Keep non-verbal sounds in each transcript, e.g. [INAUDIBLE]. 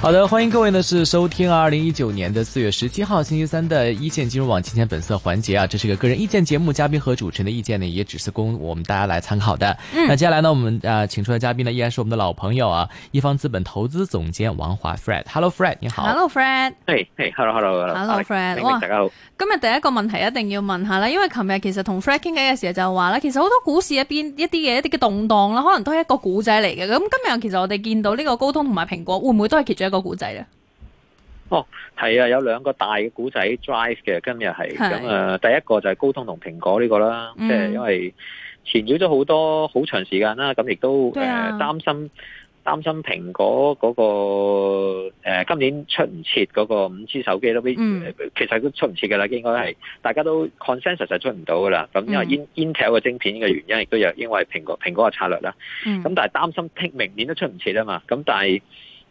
好的，歡迎各位呢是收聽二零一九年的四月十七號星期三的一線金融網金錢本色環節啊，這是一個個人意見節目，嘉賓和主持人的意見呢也只是供我們大家來參考的。嗯、那接下來呢，我們呃請出的嘉賓呢依然是我們的老朋友啊，一方資本投資總監王華 Fred。Hello Fred，你好。Hello Fred，h、hey, e、hey, l l o Hello Hello Hello, hello Fred，大家好。哇今日第一個問題一定要問一下啦，因為琴日其實同 Fred 傾偈嘅時候就話呢其實好多股市一邊一啲嘅一啲嘅動蕩啦，可能都係一個古仔嚟嘅。咁今日其實我哋見到呢個高通同埋蘋果會唔會都係其中一個古仔啊，哦，係啊，有兩個大嘅古仔 drive 嘅，今日係咁啊，第一個就係高通同蘋果呢個啦，嗯、即係因為纏繞咗好多好長時間啦，咁亦都誒擔、啊呃、心擔心蘋果嗰、嗰個誒、呃、今年出唔切嗰個五 G 手機都、嗯呃，其實都出唔切噶啦，應該係大家都 consensus 就出唔到噶啦，咁因為、嗯、Intel 嘅晶片嘅原因亦都有，因為蘋果蘋果嘅策略啦，咁、嗯、但係擔心明年都出唔切啊嘛，咁但係。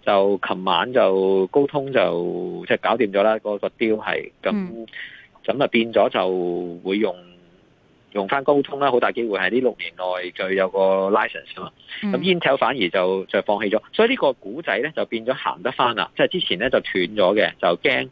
就琴晚就高通就即係搞掂咗啦，個個標係，咁，咁啊變咗就會用、嗯、用翻高通啦，好大機會喺呢六年內就有個 license 啊、嗯、嘛。咁 Intel 反而就就放棄咗，所以呢個古仔咧就變咗行得翻啦。即、就、係、是、之前咧就斷咗嘅，就驚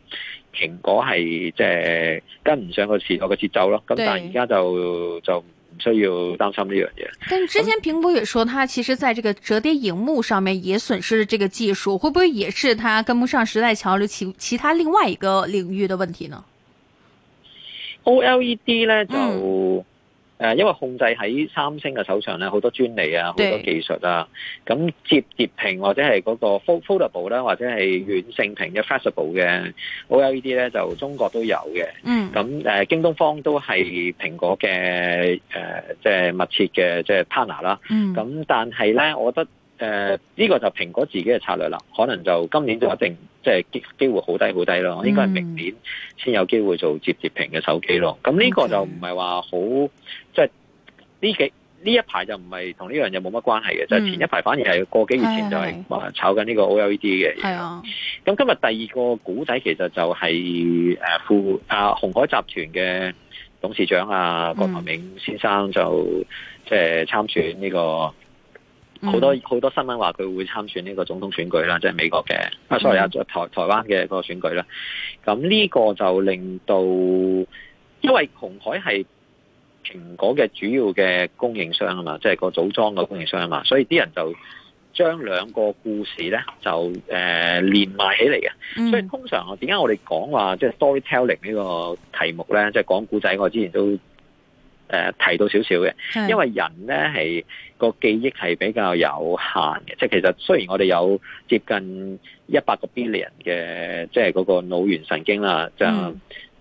蘋果係即係跟唔上個時代嘅節奏咯。咁對 但係而家就就。就需要擔心呢樣嘢，但之前蘋果也說，他其實在這個折疊熒幕上面也損失咗這個技術，會不會也是他跟不上時代潮流其其他另外一個領域的問題呢？O L E D 呢、嗯、就。誒，因為控制喺三星嘅手上咧，好多專利啊，好多技術啊，咁折疊屏或者係嗰個 foldable 啦、啊，或者係軟性屏嘅 flexible 嘅，OLED 咧就中國都有嘅。嗯，咁誒，京東方都係蘋果嘅誒，即、呃、係、就是、密切嘅即係 partner 啦、啊。咁、嗯、但係咧，我覺得誒呢、呃這個就蘋果自己嘅策略啦，可能就今年就一定。即係機機會好低好低咯，應該係明年先有機會做摺摺屏嘅手機咯。咁呢、mm. 個就唔係話好，即係呢幾呢一排就唔係同呢樣嘢冇乜關係嘅，就前一排反而係過幾月前就係話炒緊呢個 OLED 嘅。係啊，咁今日第二個古仔其實就係誒富啊鴻、啊、海集團嘅董事長啊郭台銘先生就即係參選呢、這個。好多好多新聞話佢會參選呢個總統選舉啦，即係美國嘅。啊，sorry 啊，台台灣嘅個選舉啦。咁呢個就令到，因為鴻海係蘋果嘅主要嘅供應商啊嘛，即係個組裝嘅供應商啊嘛，所以啲人就將兩個故事咧就誒連埋起嚟嘅。所以通常我點解我哋講話即係 storytelling 呢個題目咧，即係講故仔，我之前都，誒提到少少嘅，因為人咧係個記憶係比較有限嘅，即係其實雖然我哋有接近一百個 billion 嘅，即係嗰個腦元神經啦、嗯就是，就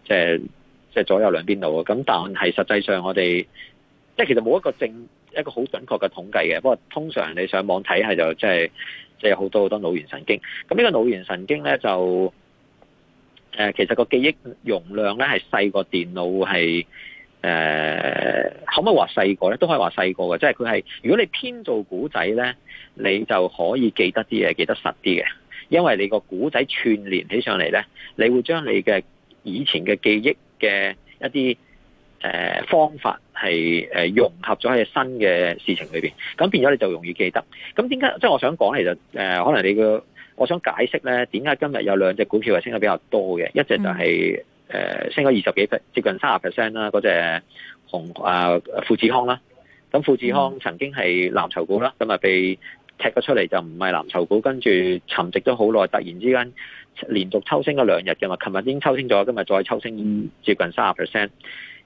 即係即係左右兩邊腦啊，咁但係實際上我哋即係其實冇一個正一個好準確嘅統計嘅，不過通常你上網睇下就即係即係好多好多腦元神經，咁呢個腦元神經咧就誒其實個記憶容量咧係細過電腦係。誒、呃、可唔可以話細個咧？都可以話細個嘅，即係佢係如果你編造古仔咧，你就可以記得啲嘢，記得實啲嘅，因為你個古仔串聯起上嚟咧，你會將你嘅以前嘅記憶嘅一啲誒、呃、方法係融合咗喺新嘅事情裏面。咁變咗你就容易記得。咁點解？即、就、係、是、我想講，其實，誒、呃，可能你個我想解釋咧，點解今日有兩隻股票係升得比較多嘅，一隻就係、是。嗯誒，升咗二十幾接近三十 percent 啦。嗰隻紅啊富智康啦，咁富智康曾經係藍籌股啦，咁啊被踢咗出嚟，就唔係藍籌股。跟住沉寂咗好耐，突然之間連續抽升咗兩日嘅嘛，琴日已經抽升咗，今日再抽升接近三十 percent。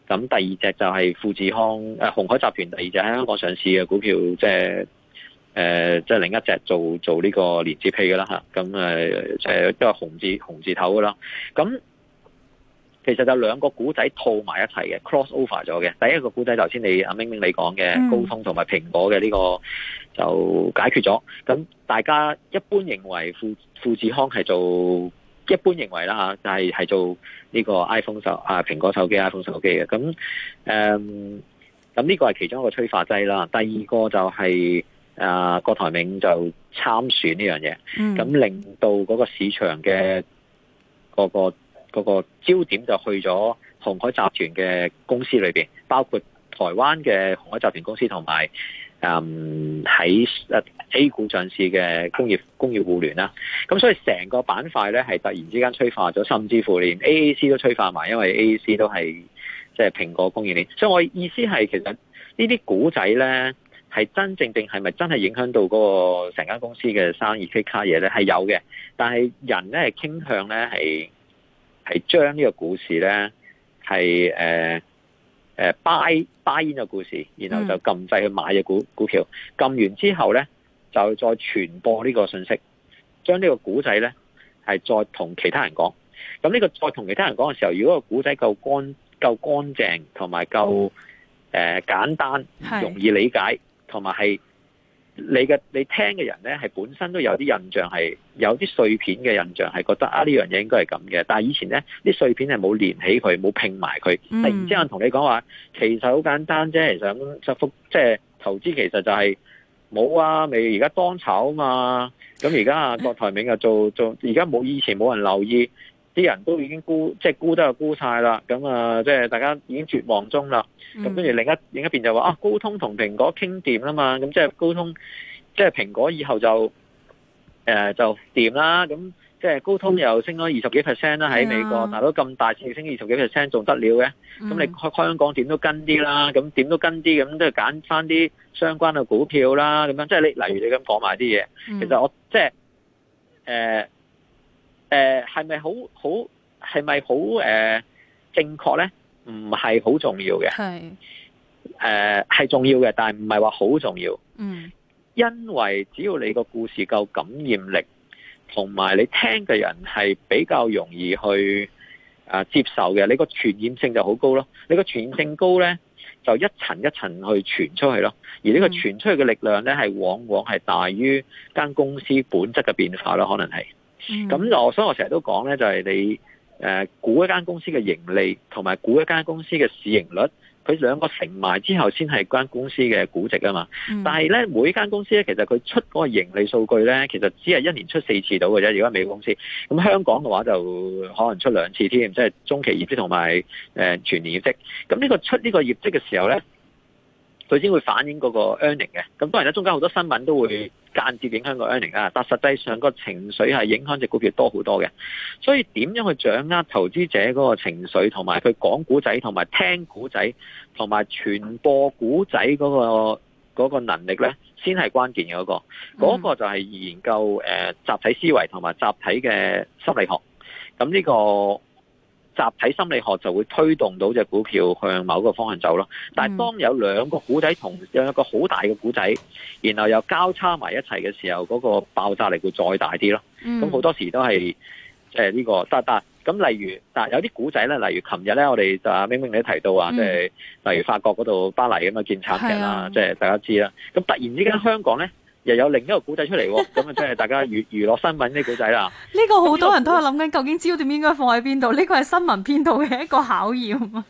咁第二隻就係富智康誒、啊，鴻海集團第二隻喺香港上市嘅股票，即係誒，即、呃、係、就是、另一隻做做呢個連接器嘅啦吓。咁誒，即係都係鴻字鴻字頭嘅啦。咁其實就兩個古仔套埋一齊嘅，cross over 咗嘅。第一個古仔，頭先你阿明明你講嘅、嗯、高通同埋蘋果嘅呢個就解決咗。咁大家一般認為富富士康係做，一般認為啦，就係、係、做呢個 iPhone 手啊蘋果手機 iPhone 手機嘅。咁誒，咁呢個係其中一個催化劑啦。第二個就係、是、啊郭台銘就參選呢樣嘢，咁、嗯、令到嗰個市場嘅、那個個。嗰個焦點就去咗鴻海集團嘅公司裏邊，包括台灣嘅鴻海集團公司，同埋嗯喺 A 股上市嘅工業工業互聯啦。咁所以成個板塊呢，係突然之間催化咗，甚至乎連 A A C 都催化埋，因為 A A C 都係即係蘋果供應鏈。所以我意思係其實呢啲故仔呢，係真正定係咪真係影響到嗰個成間公司嘅生意？即卡嘢呢係有嘅，但係人呢係傾向呢係。係將呢個故事呢，係誒誒 buy buy in 嘅故事，然後就禁制去買嘅股股票。禁完之後呢，就再傳播呢個信息，將呢個古仔呢，係再同其他人講。咁呢個再同其他人講嘅時候，如果個古仔夠乾夠乾淨，同埋夠誒簡單、容易理解，同埋係。你嘅你聽嘅人咧，係本身都有啲印象，係有啲碎片嘅印象，係覺得啊呢樣嘢應該係咁嘅。但係以前咧，啲碎片係冇連起佢，冇拼埋佢。嗯、突然之間同你講話，其實好簡單啫。其實就復即係投資，其實就係、是、冇啊。未而家當炒啊嘛。咁而家啊，郭台銘又做做而家冇，以前冇人留意。啲人都已經沽，即係沽得就沽晒啦，咁啊，即係大家已經絕望中啦。咁跟住另一另一邊就話、嗯、啊，高通同蘋果傾掂啦嘛，咁即係高通，即係蘋果以後就誒、呃、就掂啦。咁即係高通又升咗二十幾 percent 啦，喺美國，大佬咁大市升二十幾 percent，仲得了嘅？咁你香港點都跟啲啦，咁點都跟啲，咁都係揀翻啲相關嘅股票啦。咁樣即係你，例如你咁講埋啲嘢，嗯、其實我即係誒。就是呃誒，係咪好，好，係咪好，誒正確咧？唔係好重要嘅，係，誒，係重要嘅，但係唔係話好重要。嗯，因為只要你個故事夠感染力，同埋你聽嘅人係比較容易去誒、呃、接受嘅，你個傳染性就好高咯。你個傳染性高咧，就一層一層去傳出去咯。而呢個傳出去嘅力量咧，係往往係大於間公司本質嘅變化咯，可能係。咁我、嗯、所以我成日都講咧，就係、是、你誒、呃、估一間公司嘅盈利，同埋估一間公司嘅市盈率，佢兩個成埋之後，先係間公司嘅估值啊嘛。嗯、但係咧，每一間公司咧，其實佢出嗰個盈利數據咧，其實只係一年出四次到嘅啫。如果美國公司，咁香港嘅話就可能出兩次添，即係中期業績同埋誒全年業績。咁呢個出呢個業績嘅時候咧，佢先會反映嗰個 earning 嘅，咁當然咧，中間好多新聞都會間接影響個 earning 啊，但實際上個情緒係影響隻股票多好多嘅，所以點樣去掌握投資者嗰個情緒同埋佢講古仔同埋聽古仔同埋傳播古仔嗰個嗰個能力呢，先係關鍵嘅。嗰個，嗰個，嗰個就係研究誒集體思維同埋集體嘅心理學，咁呢個。集體心理學就會推動到隻股票向某個方向走咯，但係當有兩個故事、嗯、同有一個好大嘅故事，然後又交叉埋一齊嘅時候，嗰、嗰個爆炸力會再大啲咯。咁好、嗯、多時都係即係呢個，得得咁例如，但係有啲故事咧，例如琴日咧，我哋就阿明明你提到話，即係、嗯就是、例如法國嗰度巴黎咁嘅建產嘅啦，即係、嗯、大家知啦。咁、嗯、突然之間香港咧。又有另一個古仔出嚟喎、哦，咁啊，真係大家娛娛樂新聞呢古仔啦。呢個好多人都係諗緊， [LAUGHS] 究竟知、這個、焦點應該放喺邊度？呢個係新聞編導嘅一個考驗啊。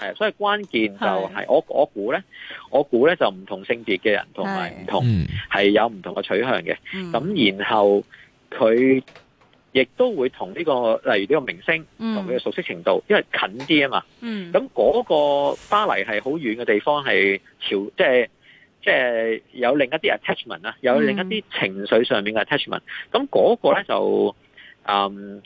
係啊，所以關鍵就係、是、是我我估咧，我估咧就唔同性別嘅人同埋唔是同係有唔同嘅取向嘅。咁、嗯、然後佢亦都會同呢、這個例如呢個明星同佢嘅熟悉程度，嗯、因為近啲啊嘛。嗯。咁嗰個巴黎係好遠嘅地方，係朝即係。即係有另一啲 attachment 啊，有另一啲情緒上面嘅 attachment、嗯。咁嗰個咧就，嗯，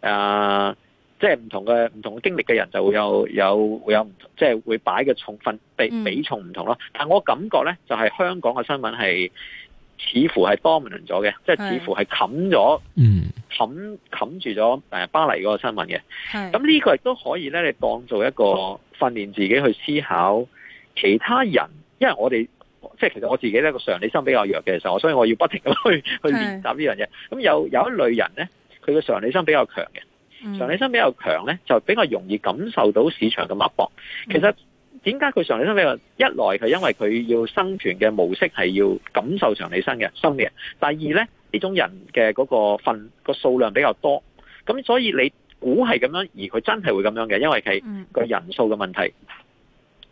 啊，即係唔同嘅唔同嘅經歷嘅人就會有有會有唔，即、就、係、是、會擺嘅重份比比重唔同咯。嗯、但我感覺咧就係、是、香港嘅新聞係似乎係 dominant 咗嘅，即、就、係、是、似乎係冚咗，冚冚是住咗巴黎嗰個新聞嘅。咁呢是個亦都可以咧，你當做一個訓練自己去思考其他人，因為我哋。即係其實我自己咧個常理心比較弱嘅時候，我所以我要不停咁去去練習呢樣嘢。咁有是的 有一類人咧，佢嘅常理心比較強嘅，嗯、常理心比較強咧就比較容易感受到市場嘅脈搏。其實點解佢常理心比較弱？一來係因為佢要生存嘅模式係要感受常理心嘅心嘅人。第二咧呢種人嘅嗰個份個數量比較多，咁所以你估係咁樣，而佢真係會咁樣嘅，因為佢個人數嘅問題。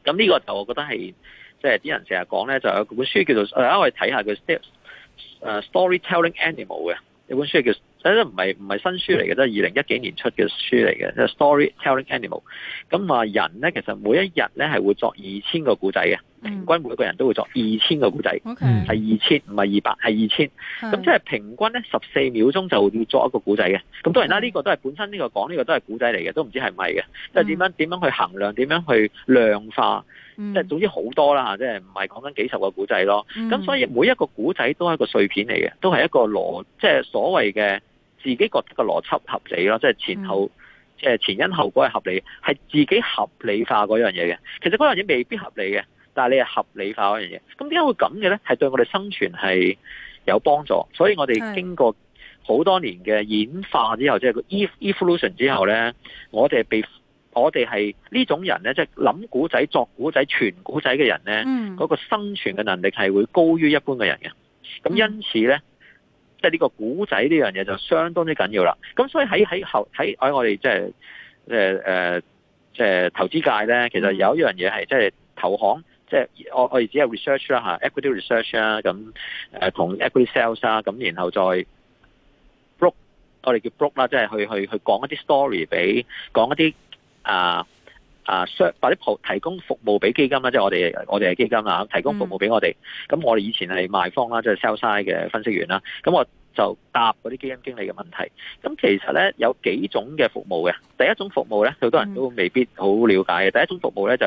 咁呢個就我覺得係。即係啲人成日講咧，就有本書叫做誒，我哋睇下佢 steps 誒，storytelling animal 嘅一本書叫，叫誒唔係唔係新書嚟嘅，都係二零一幾年出嘅書嚟嘅，即係 storytelling animal。咁啊，人咧其實每一日咧係會作二千個故仔嘅。平均每一個人都會作二千個古仔，係二千唔係二百係二千咁，即係平均咧十四秒鐘就要作一個古仔嘅。咁 Okay. 當然啦，呢、這個都係本身呢個講呢、這個都係古仔嚟嘅，都唔知係咪嘅，即係點樣點樣去衡量，點樣去量化，即係、嗯、總之好多啦，即係唔係講緊幾十個古仔咯。咁、嗯、所以每一個古仔都係一個碎片嚟嘅，都係一個邏即係、就是、所謂嘅自己覺得嘅邏輯合理咯，即、就、係、是、前後即、嗯、前因後果係合理嘅，係自己合理化嗰樣嘢嘅。其實嗰樣嘢未必合理嘅。但係你係合理化嗰樣嘢，咁點解會咁嘅咧？係對我哋生存係有幫助，所以我哋經過好多年嘅演化之後，即係個的 Evolution 之後咧，我哋係被我哋係呢種人咧，即係諗古仔、作古仔、傳古仔嘅人咧，嗰、嗯、個生存嘅能力係會高於一般嘅人嘅。咁因此咧，即係呢個古仔呢樣嘢就相當之緊要啦。咁所以喺喺後喺喺我哋即係即誒即投資界咧，其實有一樣嘢係即係投行。即係我我哋只係 research 啦嚇，equity research 啦，咁誒同 equity sales 啦，咁然後再 b l o c k 我哋叫 b l o c k 啦，即係去去去講一啲 story 俾，講一啲啊啊商，把啲提供服務俾基金啦，即係我哋我哋係基金啊，提供服務俾、就是、我哋。咁我哋、嗯、以前係賣方啦，即係 sales side 嘅分析員啦。咁我就答嗰啲基金經理嘅問題。咁其實咧有幾種嘅服務嘅。第一種服務咧好多人都未必好了解嘅。嗯、第一種服務咧就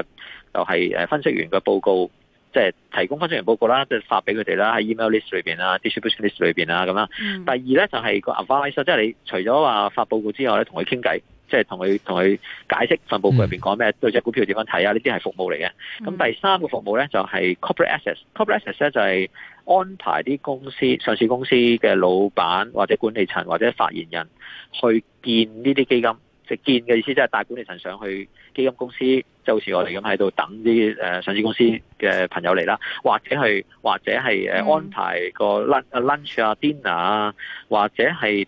就係誒分析員嘅報告，即、就、係、是、提供分析員報告啦，即、就、係、是、發俾佢哋啦，喺 email list 裏邊啊，distribution list 裏邊啊咁啦。樣嗯、第二咧就係、是、個 adviser，即係你除咗話發報告之外咧，同佢傾偈。即係同佢同佢解釋份報告入邊講咩，嗯、對隻股票點樣睇啊？呢啲係服務嚟嘅。咁、嗯、第三個服務咧就係、是、corporate access，corporate access 咧、嗯、access 就係安排啲公司、上市公司嘅老闆或者管理層或者發言人去見呢啲基金，即、就、係、是、見嘅意思即係帶管理層上去基金公司，就好似我哋咁喺度等啲誒上市公司嘅朋友嚟啦，或者係或者係誒安排個 lunch 啊、dinner 啊，或者係、嗯。Lunch, dinner,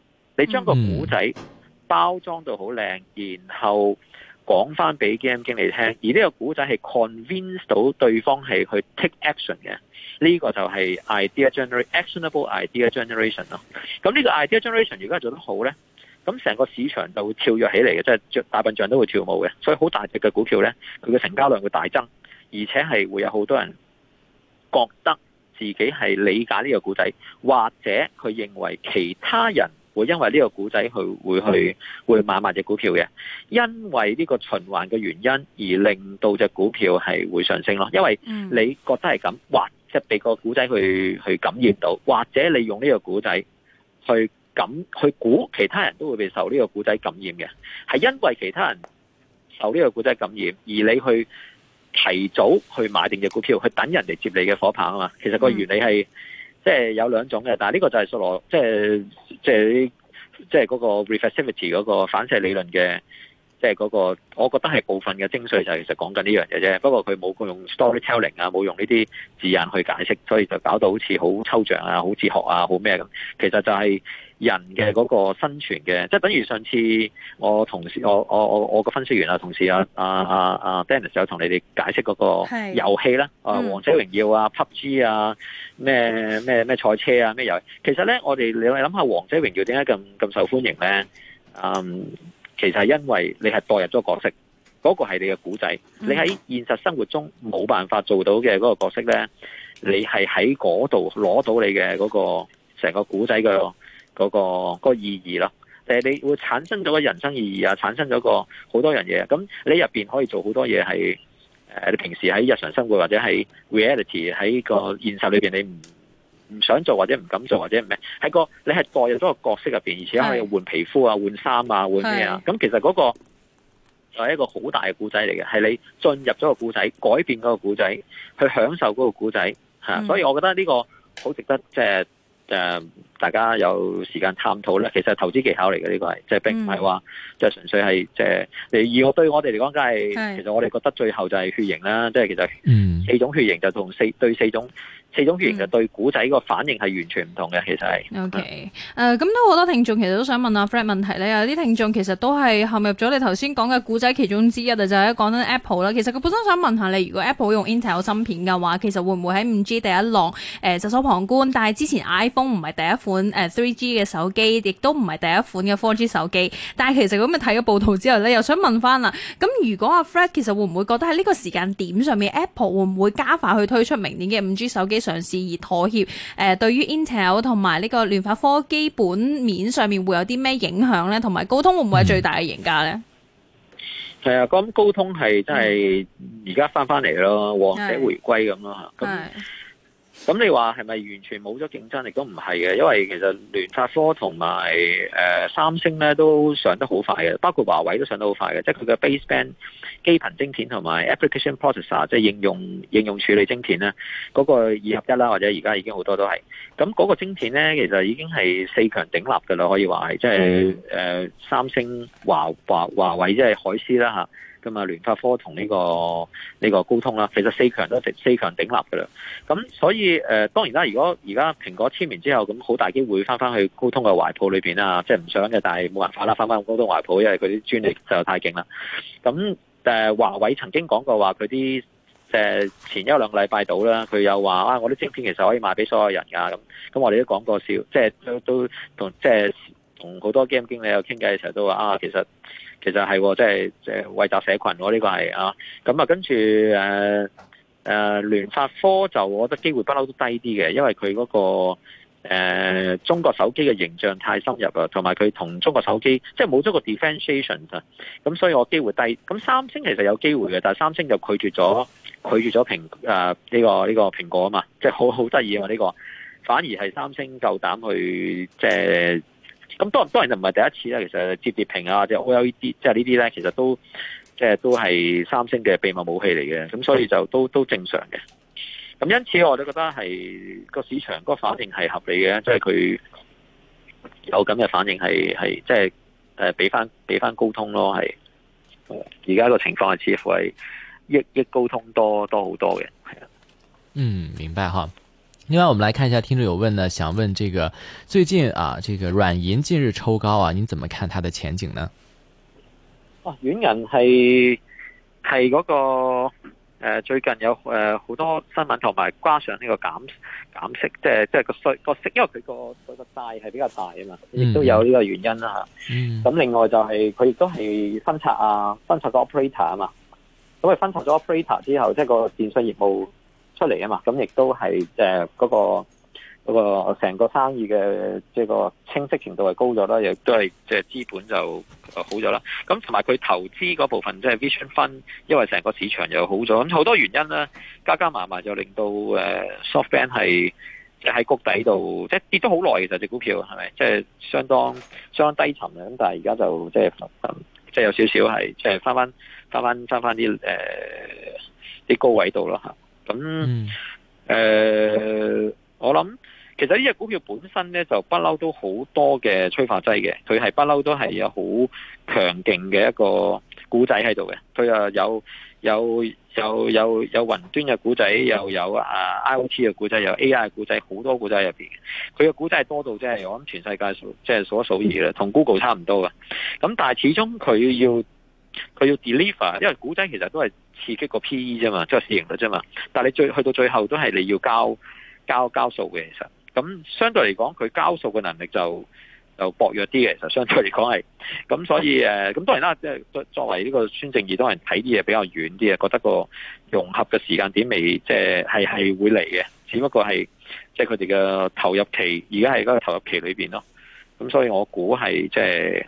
你將個古仔包裝到好靚，然後講翻俾 GM 經理聽，而呢個古仔係 convince 到對方係去 take action 嘅，呢、這個就係 ide gener idea generation actionable idea generation 咯。咁、這、呢個 idea generation 如果係做得好呢，咁成個市場就會跳躍起嚟嘅，即、就、係、是、大笨象都會跳舞嘅，所以好大隻嘅股票呢，佢嘅成交量會大增，而且係會有好多人覺得自己係理解呢個古仔，或者佢認為其他人。會因為呢個故仔去會去會買埋隻股票嘅，因為呢個循環嘅原因而令到隻股票係會上升咯。因為你覺得係咁，或即係俾個故仔去去感染到，或者你用呢個故仔去感去估，其他人都會被受呢個故仔感染嘅。係因為其他人受呢個故仔感染，而你去提早去買定隻股票，去等人嚟接你嘅火棒啊嘛。其實個原理係。即係有兩種嘅，但呢個就係索羅，即係即係即係嗰個 reflexivity 嗰個反射理論嘅，即係嗰個，我覺得係部分嘅精髓就係其實講緊呢樣嘢啫。不過佢冇用 storytelling 啊，冇用呢啲字眼去解釋，所以就搞到好似好抽象啊、好哲學啊、好咩咁。其實就係、是。人嘅嗰個生存嘅，即係等於上次我同事，我我我我個分析員、mm hmm. 啊，同事啊啊啊啊，Dennis 有同你哋解釋嗰個遊戲啦，mm hmm. 啊《王者榮耀》啊、《PUBG》啊、咩咩咩賽車啊、咩遊戲，其實咧，我哋你諗下《王者榮耀》點解咁咁受歡迎咧？嗯，其實係因為你係代入咗個角色，嗰個係你嘅古仔。Mm hmm. 你喺現實生活中冇辦法做到嘅嗰個角色咧，你係喺嗰度攞到你嘅嗰個成個古仔嘅。嗰、那個嗰、那個、意義咯，誒、就是，你會產生咗個人生意義啊，產生咗個好多樣嘢，咁你入面可以做好多嘢係、呃、你平時喺日常生活或者係 reality 喺個現實裏面你，你唔唔想做或者唔敢做或者唔咩？喺個你係代入咗個角色入面，而且可以換皮膚啊、換衫啊、換咩啊？咁的其實嗰個就係一個好大嘅故仔嚟嘅，係你進入咗個故仔，改變嗰個故仔，去享受嗰個故仔嚇。嗯、所以我覺得呢個好值得即係、呃大家有時間探討咧，其實係投資技巧嚟嘅呢個係，即係並唔係話，嗯、即係純粹係即係以我對我哋嚟講，梗係是其實我哋覺得最後就係血型啦，即係其實、嗯、四種血型就同四對四種四種血型就對故仔個反應係完全唔同嘅，其實係。嗯嗯、OK，誒、呃，咁都好多聽眾其實都想問下 Fred 問題咧，有啲聽眾其實都係陷入咗你頭先講嘅故仔其中之一，就係、是、講緊 Apple 啦。其實佢本身想問下你，如果 Apple 用 Intel 芯片嘅話，其實會唔會喺五 G 第一浪誒袖手、呃、旁觀？但係之前 iPhone 唔係第一款。款誒 3G 嘅手機，亦都唔係第一款嘅 4G 手機。但係其實咁樣睇咗報道之後呢，又想問翻啦。咁如果阿 Fred 其實會唔會覺得喺呢個時間點上面，Apple 會唔會加快去推出明年嘅 5G 手機上市，而妥協誒、呃、對於 Intel 同埋呢個聯發科基本面上面會有啲咩影響呢？同埋高通會唔會係最大嘅贏家呢？係啊，咁高通係真係而家翻翻嚟咯，王者、嗯、回歸咁咯。是那咁你話係咪完全冇咗競爭力？都唔係嘅，因為其實聯發科同埋誒三星咧都上得好快嘅，包括華為都上得好快嘅，即係佢嘅 baseband 基頻晶片同埋 application processor 即係應用應用處理晶片咧，嗰個二合一啦，或者而家已經好多都係。咁嗰個晶片咧，其實已經係四強鼎立嘅啦，可以話係即係誒、呃、三星、華華華為即係海思啦吓咁嘛聯發科同呢、這個呢、這個高通啦，其實四強都四強頂立噶啦。咁所以誒、呃，當然啦，如果而家蘋果簽完之後，咁好大機會翻翻去高通嘅懷抱裏面啦，即係唔想嘅，但係冇辦法啦，翻翻高通懷抱，因為佢啲專利就太勁啦。咁誒、呃，華為曾經講過話，佢啲誒前一兩個禮拜到啦，佢又話啊，我啲晶片其實可以賣俾所有人㗎。咁咁我哋都講過笑，即、就、係、是、都都同即係。就是同好多 game 經理有傾偈嘅時候都話啊，其實其實係即係即係惠集社群咯、哦，呢、這個係啊。咁啊，跟住誒誒聯發科就，我覺得機會不嬲都低啲嘅，因為佢嗰、那個、呃、中國手機嘅形象太深入啦，同埋佢同中國手機即係冇咗個 defensation 啊。咁所以我機會低。咁三星其實有機會嘅，但係三星就拒絕咗拒絕咗蘋呢、啊這個呢、這個蘋果啊嘛，即係好好得意啊嘛呢、這個，反而係三星夠膽去即係。咁當然當然就唔係第一次啦，其實摺疊屏啊或者 OLED，即係呢啲咧，其實都即係都係三星嘅秘密武器嚟嘅，咁所以就都都正常嘅。咁因此我都覺得係個市場個反應係合理嘅，即係佢有咁嘅反應係係即係誒俾翻俾翻高通咯，係而家個情況係似乎係益益高通多多好多嘅。係啊，嗯，明白哈。另外，我們來看一下，聽眾有問呢，想問這個最近啊，這個軟銀近日抽高啊，你怎麼看它的前景呢？啊，軟銀係係嗰個誒、呃，最近有誒好、呃、多新聞同埋掛上呢個減減息，即係即係、那個稅個息，因為佢、那個嗰個債係比較大啊嘛，亦都有呢個原因啦吓。咁、嗯、另外就係佢亦都係分拆啊，分拆咗 operator 啊嘛，咁佢分拆咗 operator 之後，即係個電信業務，出嚟啊嘛，咁亦都係誒嗰個嗰成，那個、個生意嘅即係個清晰程度係高咗啦，亦都係即係資本就好咗啦。咁同埋佢投資嗰部分即係 Vision Fund，就是、Fund，因為成個市場又好咗，咁好多原因啦，加加埋埋就令到誒 SoftBank 係即係、就、喺、是、谷底度，即、就、係、是、跌咗好耐嘅就隻股票，係咪即係相當相當低沉嘅？咁但係而家就即係即係有少少係即係翻翻翻翻翻翻啲誒啲高位度啦吓。咁誒、呃，我諗其實呢隻股票本身咧就不嬲都好多嘅催化劑嘅，佢係不嬲都係有好強勁嘅一個故仔喺度嘅。佢又有有有有有雲端嘅故仔，又有啊 I O T 嘅故仔，有 A I 嘅故仔，好多故仔喺入邊。佢嘅故仔係多到即係我諗全世界即係數一數二啦，同 Google 差唔多嘅。咁但係始終佢要佢要 deliver，因為故仔其實都係。刺激個 PE 啫嘛，即係市盈率啫嘛。但係你最去到最後都係你要交交交數嘅，其實咁相對嚟講，佢交數嘅能力就就薄弱啲嘅。其實相對嚟講係咁，所以誒咁當然啦，即係作為呢個孫正義都係睇啲嘢比較遠啲啊，覺得個融合嘅時間點未即係係係會嚟嘅，只不過係即係佢哋嘅投入期，而家係嗰個投入期裏邊咯。咁所以我估係即係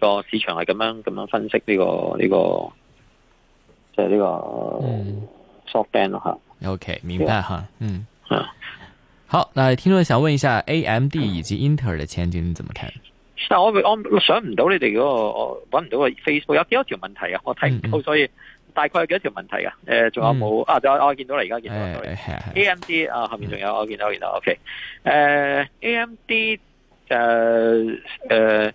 個市場係咁樣咁樣分析呢個呢個，呢個就係呢個 soft band 咯吓，OK 明白哈，嗯好，嗱，聽眾想問一下 AMD 以及 Intel 嘅前景，你怎麼睇？但我我想唔到你哋嗰個搵我唔到個 Facebook 有幾多條問題啊？我睇唔到，所以大概有幾多條問題啊？誒，仲有冇啊？我我見到啦，而家見到，係 AMD 啊，後面仲有我見到，我見到，OK，誒，AMD 誒誒。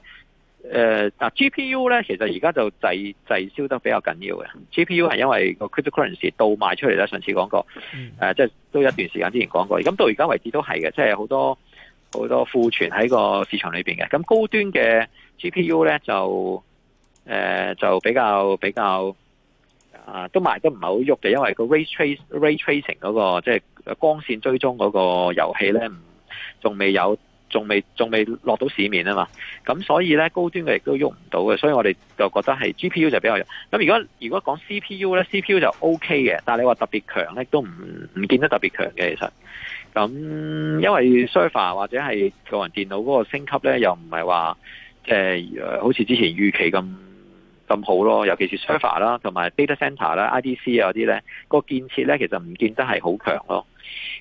誒，嗱、呃、G P U 咧，其實而家就滯滯銷得比較緊要嘅。G P U 係因為個 crypto currency 倒賣出嚟啦，上次講過，誒、呃，即、就、係、是、都一段時間之前講過，咁到而家為止都係嘅，即係好多好多庫存喺個市場裏邊嘅。咁高端嘅 G P U 咧就誒、呃、就比較比較啊，都賣得唔係好喐嘅，因為個 ray trace ray tracing 嗰、那個即係、就是、誒光線追蹤嗰個遊戲咧，唔仲未有。仲未仲未落到市面啊嘛，咁所以呢，高端嘅亦都喐唔到嘅，所以我哋就覺得係 G P U 就比較弱。咁如果如果講 C P U 呢 c P U 就 O K 嘅，但你話特別強呢，都唔唔見得特別強嘅其實。咁因為 server 或者係個人電腦嗰個升級呢，又唔係話好似之前預期咁咁好咯。尤其是 server 啦，同埋 data c e n t e r 啦、I D C 啊嗰啲呢個建設呢，其實唔見得係好強咯。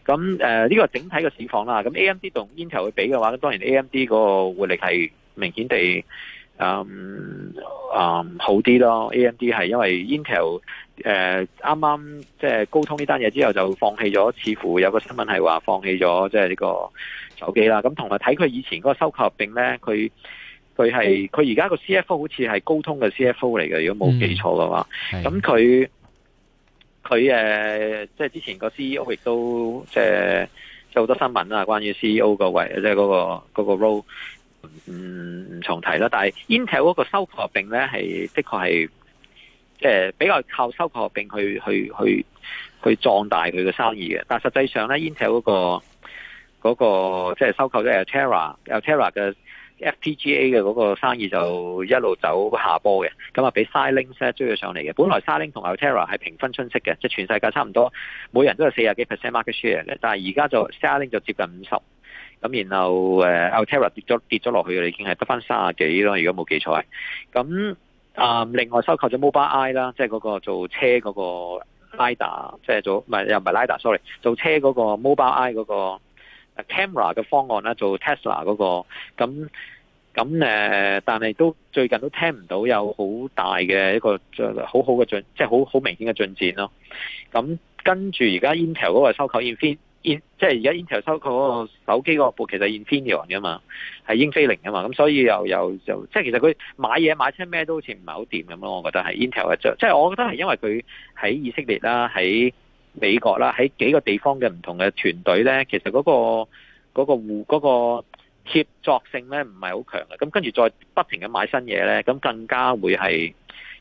咁誒呢個整體嘅市況啦，咁 AMD 同 Intel 去比嘅話，咁當然 AMD 個活力係明顯地嗯啊、嗯、好啲咯。AMD 係因為 Intel 誒、呃、啱啱即係高通呢單嘢之後就放棄咗，似乎有個新聞係話放棄咗即係呢個手機啦。咁同埋睇佢以前嗰個收購合併咧，佢佢係佢而家個 CFO 好似係高通嘅 CFO 嚟嘅，如果冇記錯嘅話，咁佢、嗯。佢誒，即係之前個 CEO 亦都即係即好多新聞啦，關於 CEO 位，即係嗰個 role，唔、嗯、唔重提啦。但係 Intel 嗰個收購合併咧係的確係，即係比較靠收購合併去去去去壯大佢嘅生意嘅。但係實際上咧，Intel 嗰個嗰個即係收購咗 Altera，Altera 嘅。FPGA 嘅嗰個生意就一路走下坡嘅，咁啊俾 Xilinx 追咗上嚟嘅。本來 Xilinx 同 Altera 係平分春色嘅，即係全世界差唔多每人都有四十幾 percent market share 嘅。但係而家就 Xilinx 就接近五十，咁然後誒 Altera 跌咗跌咗落去嘅已經係得翻三十幾咯。如果冇記錯，咁啊，嗯，另外收購咗 Mobile Eye 啦，即係嗰個做車嗰個 Lidar，即係做唔係又唔係 Lidar，sorry，做車嗰個 Mobile Eye 嗰個。Camera 嘅方案啦，做 Tesla 嗰個，咁咁誒，但係都最近都聽唔到有好大嘅一個好好嘅進，即係好好明顯嘅進展咯。咁跟住而家 Intel 嗰個收購 In 即係而家 Intel 收購嗰個手機嗰部，其實 Infineon 嘅嘛，係英飛凌嘅嘛，咁所以又又就即係其實佢買嘢買車咩都好似唔係好掂咁咯，我覺得係 Intel 嘅，即係我覺得係因為佢喺以色列啦，喺。美國啦，喺幾個地方嘅唔同嘅團隊咧，其實嗰個、嗰個互、嗰個協作性咧唔係好強嘅。咁跟住再不停咁買新嘢咧，咁更加會係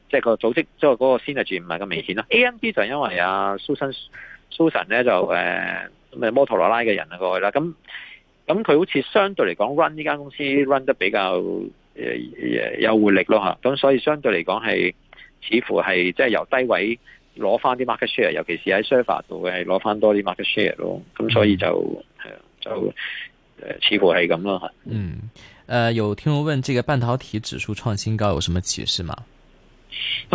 即係個組織即係嗰個 synergy 唔係咁明顯啦 AMD 就因為啊 Susan Susan 咧就誒咁摩托羅拉嘅人過去啦。咁咁佢好似相對嚟講 run 呢間公司 run 得比較誒有活力咯吓咁所以相對嚟講係似乎係即係由低位。攞翻啲 market share，尤其是喺 server 度嘅，係攞翻多啲 market share 咯。咁所以就係啊，嗯、就誒，似乎係咁咯吓。嗯，誒、呃，有聽眾問，這個半導體指數創新高，有什麼啟示嗎？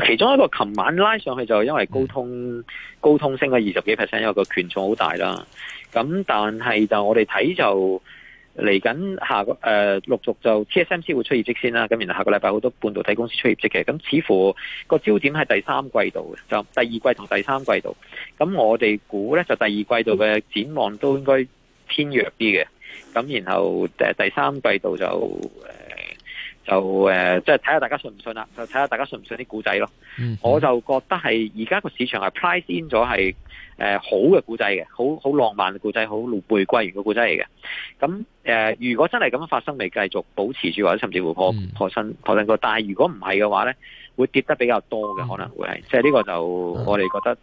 其中一個琴晚拉上去就因為高通，是高通升咗二十幾 percent，因為個權重好大啦。咁但係就我哋睇就。嚟緊下，下個誒、呃、陸續就 TSMC 會出業績先啦，咁然後下個禮拜好多半導體公司出業績嘅，咁似乎個焦點係第三季度嘅，就第二季同第三季度，咁我哋估咧就第二季度嘅展望都應該偏弱啲嘅，咁然後誒第三季度就就誒，即係睇下大家信唔信啦，就睇下大家信唔信啲古仔咯。嗯嗯、我就覺得係而家個市場係 price in 咗係誒好嘅古仔嘅，好好，好浪漫嘅古仔，好露背歸型嘅古仔嚟嘅。咁誒、呃，如果真係咁樣發生，嚟繼續保持住，或者甚至乎破、嗯、破新破新高但係如果唔係嘅話咧，會跌得比較多嘅，可能會係。即係呢個就我哋覺得。